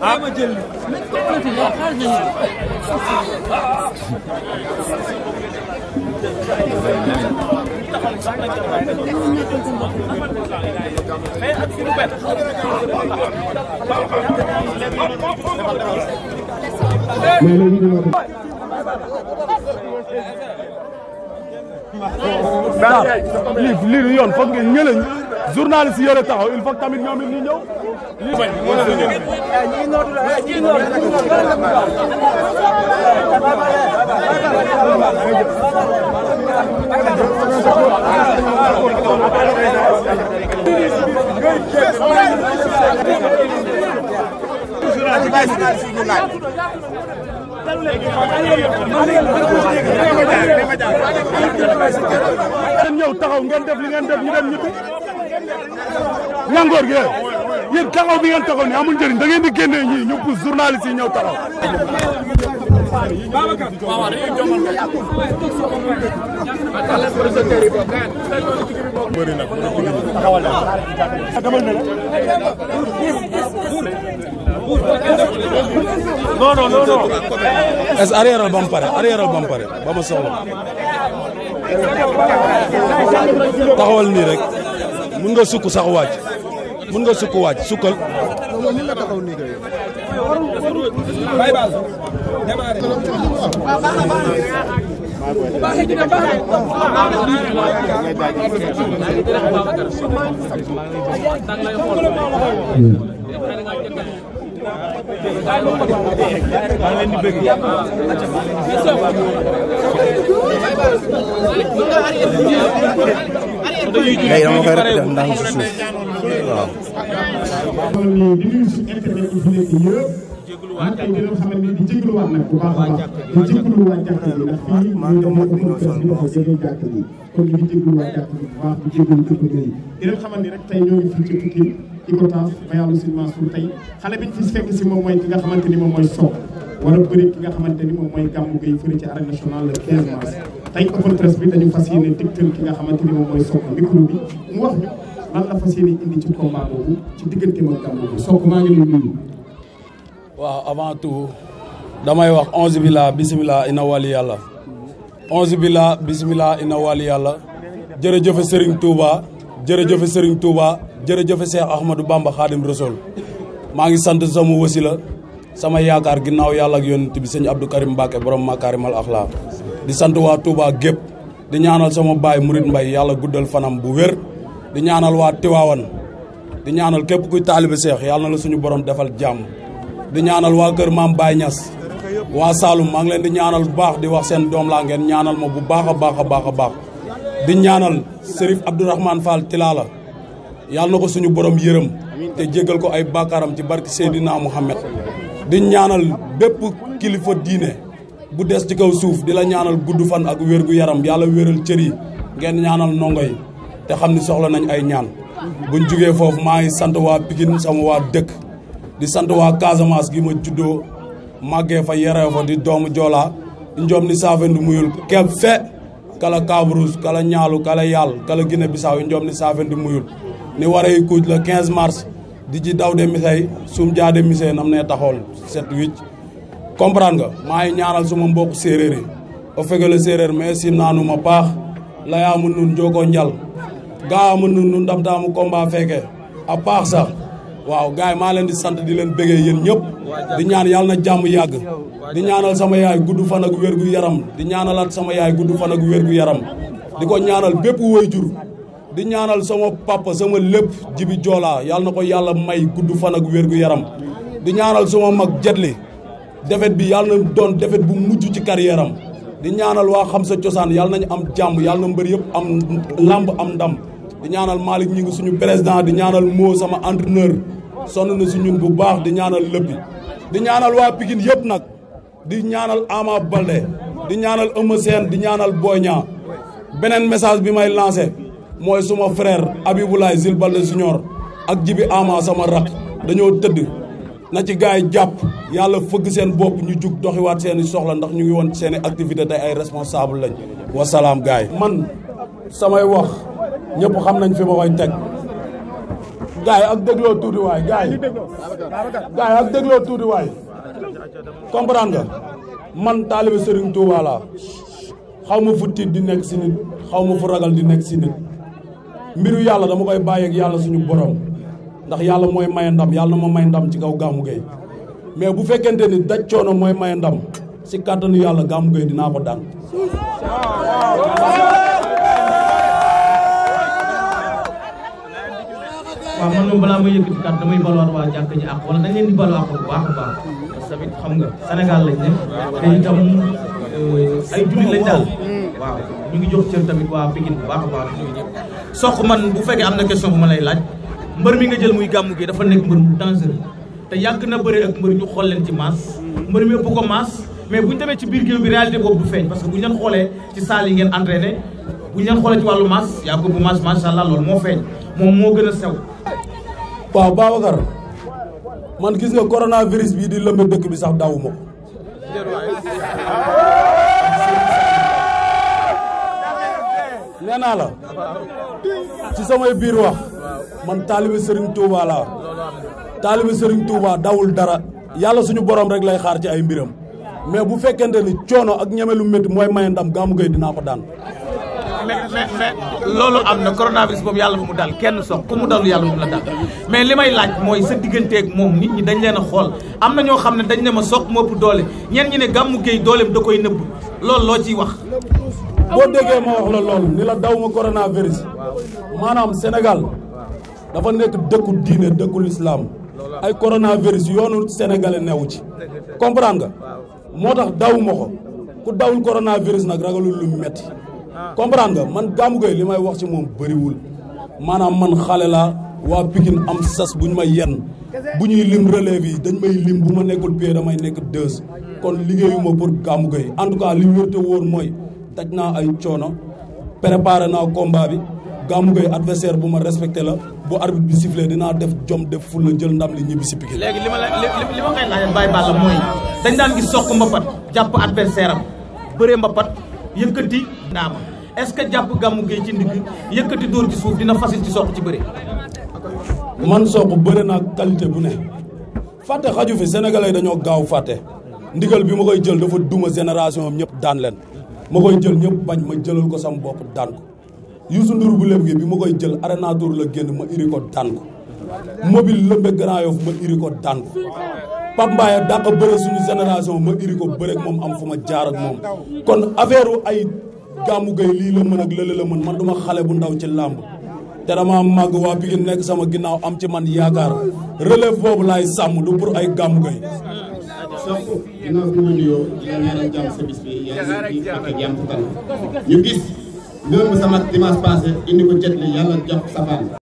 Ama jël mais léegi ñu ngi lii lii du yoon foog ngeen ñëleñ journaliste yore taxaw il faut tamit ñoom it ñu ñëw. lii ngeen ñëw taxaw ngeen def li ngeen def ñu dem ñu tëj ñangoor gi yéen taxaw bi ngeen taxaw ni amul njëriñ da ngeen di génne ñii ñu pousse journaliste yi ñëw taxaw Babacar waaw waaw dañuy jomal bëri nag non non non pare ba ma soxla taxawal nii rek mun nga sukk sax wàcc mun nga sukk wàcc sukkal démarré waaw baax na baax na bu baaxee dina baax na waaw ah tey dinañ xamal ni bu baax a baax di jéglu waa jàkk ji ndax ñu ne moo ëppoon presse bi loxo jege jàkk ji kon di jéglu kër yi dinañ xamal ni xale bi ñu fekk si moom mooy ki nga xamante ni moom mooy Sokh wala bëri ki nga xamante ni moom mooy gàmmu gay fële ci arène nationale le 15 mars tey open presse bi dañu fas yéene dégtal ki nga xamante ni moom mooy Sokh micro bi mu wax ñu lan la fas yéene indi ci combat boobu ci diggante moom gàmmu bi Sokh maa ngi lay nuyu waaw avant tout damay wax onze bila bisimila ina wali yàlla onze bila bisimila ina wali yàlla jërëjëfe Serigne Touba jërëjëfe Serigne Touba jërëjëfe Cheikh Ahmadou Bamba Khadim Rasoul maa ngi sant sama wasila sama yaakaar ginnaaw yàlla ak yonent bi sëñ Abdou Karim Mbacke borom makaarimal axlaa di sant waa Touba gépp di ñaanal sama baay Murit Mbay yàlla guddal fanam bu wér di ñaanal waa Tiwaawan di ñaanal képp kuy taalibe Cheikh yàlla la suñu borom defal jàmm di ñaanal waa kër maam baay Niass waa Saloum maa leen di ñaanal bu baax di wax seen doom laa ngeen ñaanal ma bu baaxa baax a baax a baax di ñaanal Serif Abdourahmane Fall Tilala yàlla na ko suñu borom yërëm te jéggal ko ay bàkkaaram ci barke naa Mouhamed di ñaanal bépp kilifa diine bu des ci kaw suuf di la ñaanal gudd fan ak wér gu yaram yàlla wéral cër yi ngeen ñaanal ndongo yi te xam ni soxla nañ ay ñaan buñ jugee foofu maa ngi sant waa Pikine sama waa dëkk di sant waa Casamance gi ma juddoo màggee fa yaree fa di doomu Joola njoom ni saafendu muyul keb fe kala Kabrousse kala ñaalu kala yàll kala Guinée Bissau njoom ni saafendu muyul ni waree kuuj la 15 di ci daw de misay sum jaade misay nam ne taxool 7 8 comprendre nga maa ñaanal suma mbokk séeréer yi o fegele séeréer mais si naanu ma paax layaama nun joko njal ga ama nun nu ndamtaamu combat fekke a paax sax waaw gars yi maa leen di sant di leen bëggee yéen ñëpp di ñaan yàlla na jàmm yàgg di ñaanal sama yaay gudd fan ak wér yaram di ñaanalaat sama yaay gudd fan ak yaram di ko ñaanal bépp wayjur di sama papa sama lépp jibi joolaa yàlla na ko yàlla may gudd fan ak wér gu yaram di ñaanal sama mag jetli defet bi yàlla na doon defet bu mujj ci kar yaram di ñaanal waa xam sa cosaan yàlla nañu am jàmm yàlla na mbër yëpp am làmb am ndam di ñaanal Malick ñi ngi suñu président di ñaanal moo sama entraîneur sonn na si ñun bu baax di ñaanal lëbbi di ñaanal waa Pikine yëpp nag di ñaanal Ama Baldé di ñaanal Eumeu di ñaanal Boy Niang beneen message bi may lancé mooy suma frère Abiboulaye Zil Baldé Junior ak Jibi Ama sama rak dañoo tëdd na ci gars yi jàpp yàlla fëgg seen bopp ñu jug doxiwaat seen i soxla ndox ñu ngi woon seen i activité day ay responsable lañ wasalaam gars yi man samay wax ñëpp xam nañ fi ma koy teg gars ak dégloo tuuti waay gars yi gars ak dégloo tuuti comprendre man taalibe Serigne Touba laa ma fu tiit di nekk si nit xaw ma fu ragal di nekk si nit mbiru yàlla dama koy bàyyeeg yàlla suñu borom ndax yàlla mooy maye ndam yàlla moo ma may ci kaw Gamou Gueye mais bu fekkente ni daj coono mooy maye ndam si kàttanu yàlla Gamou Gueye dinaa ko daan waaw man moom xam nga Sénégal lañ ne te itam euh, ay ñu ngi jox cër tamit waa Pikine a baax bu fekkee am na question bu ma lay mbër mi nga jël muy gàmmu gi dafa nekk mbër mu dangereux te yàgg na bëri ak mbër ñu xool leen ci masse mbër mi ëpp ko mais bu ñu demee ci biir géew bi réalité boobu du feeñ parce que bu ñu leen xoolee ci salle yi ngeen entraîné bu ñu leen xoolee ci wàllu masse yaa bu masse macha allah moo feeñ moom moo gën a sew waaw Babacar man gis nga coronavirus bii di lëmbe dëkk bi sax dawuma ko nee naa la ci samay biir wax man taalibe sëriñ Touba laa taalibe Serigne Touba dawul dara yàlla suñu borom rek lay xaar ci ay mbiram mais bu fekkente ni coono ak ñeme lu métti mooy maye ndam gaamu gay dinaa ko daan mais mais mais loolu am na coronavirus moom yàlla bu mu dal kenn sox ku mu dalu yàlla bu la dal mais li may laaj mooy sa digganteeg moom nit ñi dañ leen a xool am na ñoo xam ne dañ ne ma sox moo doole ñeen ñi ne gàmmu géey dooleem da koy nëbb loolu loo ciy wax. boo déggee ma wax la loolu ni la daw ma coronavirus maanaam Sénégal dafa nekk dëkku diine dëkku lislaam ay coronavirus yoonu sénégalais newu ci comprendre nga moo tax daw ma ko ku dawul coronavirus nag ragalul lu metti comprendre nga man Gamou Gueye li may wax ci moom bëriwul maanaam man xale la waa Pikine am sas bu ñu may yenn bu ñuy lim relève yi dañ may lim bu ma nekkul pied damay nekk deux kon liggéeyuma pour Gamou Gueye en tout cas li wér te woon mooy taj naa ay coono préparé naa combat bi Gamou Gueye adversaire bu ma respecté la bu arbitre bi sifflé dinaa def jom def fulla jël ndam li ñibbi si Pikine. léegi li ma la li ma koy laajal Baye Balla mooy dañ daan gis soq mbapat jàpp am bëree mbapat. yëkkati ndaama est-ce que jàpp gàmmu gee ci ndigg yëkkati dóor ci suuf dina facile ci soq ci bëre. man soq bëre naa qualité bu ne fàtte xaju fi sénégalais dañoo gaaw fàtte ndigal bi ma koy jël dafa duma génération am ñëpp daan leen ma koy jël ñëpp bañ ma jëlal ko sama bopp daan ko Youssou bu léb gi bi ma koy jël aréna tour la génn ma iri ko daan ko mobile lëmbe Grand ma iri ko daan Pape a dàq bëre suñu génération ma iri ko bëre moom am fu ma jaar ak moom kon affaire ay gàmmu gay lii la mën ak lële la mën man duma xale bu ndaw ci làmb te dama màgg waa Pikine nekk sama ginnaaw am ci man yaakaar relève boobu laay sàmm du pour ay gàmmu gay ginnaaw bi ma nuyoo dina